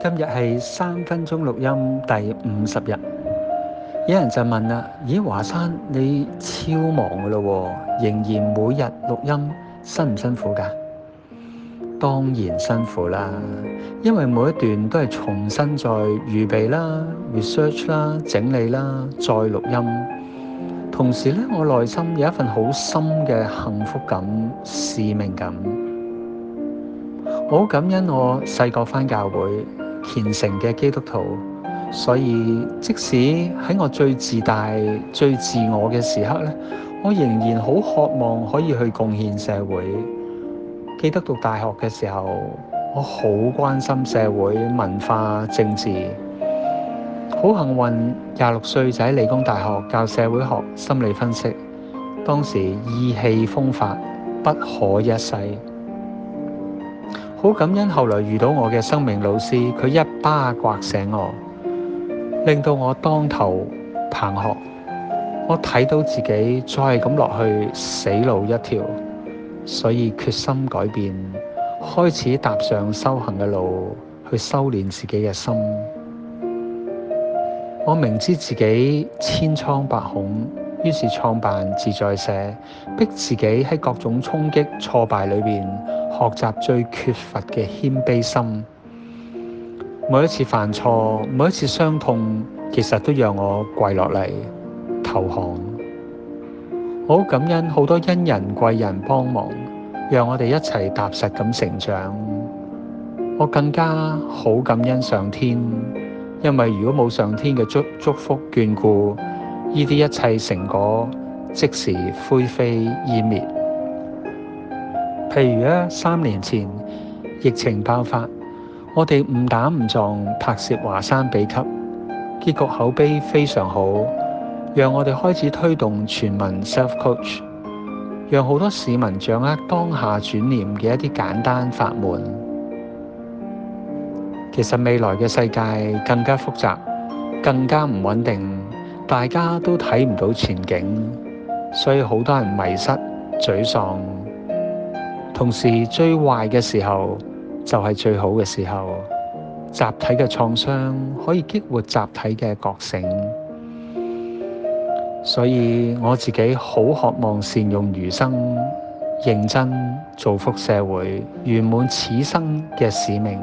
今日係三分鐘錄音第五十日，有人就問啦：咦，華山你超忙噶咯，仍然每日錄音，辛唔辛苦噶？當然辛苦啦，因為每一段都係重新再預備啦、research 啦、整理啦、再錄音。同時咧，我內心有一份好深嘅幸福感、使命感，我好感恩我細個返教會。虔誠嘅基督徒，所以即使喺我最自大、最自我嘅時刻咧，我仍然好渴望可以去貢獻社會。記得讀大學嘅時候，我好關心社會、文化、政治。好幸運，廿六歲仔理工大學教社會學、心理分析，當時意氣風發，不可一世。好感恩後來遇到我嘅生命老師，佢一巴刮醒我，令到我當頭棒喝。我睇到自己再咁落去死路一條，所以決心改變，開始踏上修行嘅路，去修煉自己嘅心。我明知自己千瘡百孔，於是創辦自在社，逼自己喺各種衝擊挫敗裏邊。學習最缺乏嘅謙卑心，每一次犯錯，每一次傷痛，其實都讓我跪落嚟投降。我好感恩好多恩人貴人幫忙，讓我哋一齊踏實咁成長。我更加好感恩上天，因為如果冇上天嘅祝，祝福眷顧，呢啲一切成果，即時灰飛煙滅。例如咧，三年前疫情爆發，我哋誤打誤撞拍攝華山秘笈，結局口碑非常好，讓我哋開始推動全民 self coach，讓好多市民掌握當下轉念嘅一啲簡單法門。其實未來嘅世界更加複雜，更加唔穩定，大家都睇唔到前景，所以好多人迷失、沮喪。同時，最壞嘅時候就係最好嘅時候。集體嘅創傷可以激活集體嘅覺醒，所以我自己好渴望善用餘生，認真造福社會，圓滿此生嘅使命。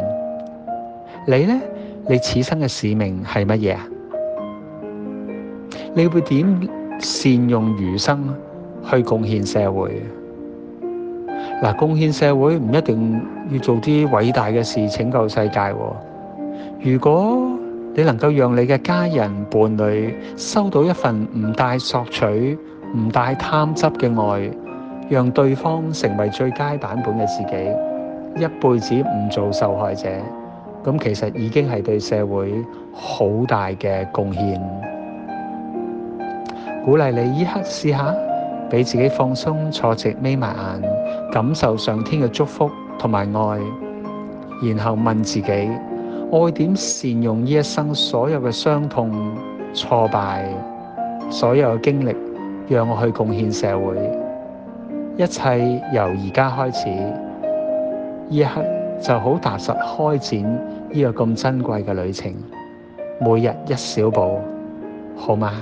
你呢？你此生嘅使命係乜嘢？你會點善用餘生去貢獻社會？嗱，貢獻社會唔一定要做啲偉大嘅事拯救世界啊。如果你能夠讓你嘅家人伴侶收到一份唔帶索取、唔帶貪執嘅愛，讓對方成為最佳版本嘅自己，一輩子唔做受害者，咁其實已經係對社會好大嘅貢獻。鼓勵你依刻試下。俾自己放鬆坐直眯埋眼，感受上天嘅祝福同埋愛，然後問自己：我點善用呢一生所有嘅傷痛、挫敗、所有嘅經歷，讓我去貢獻社會？一切由而家開始，一刻就好踏實開展呢個咁珍貴嘅旅程，每日一小步，好嗎？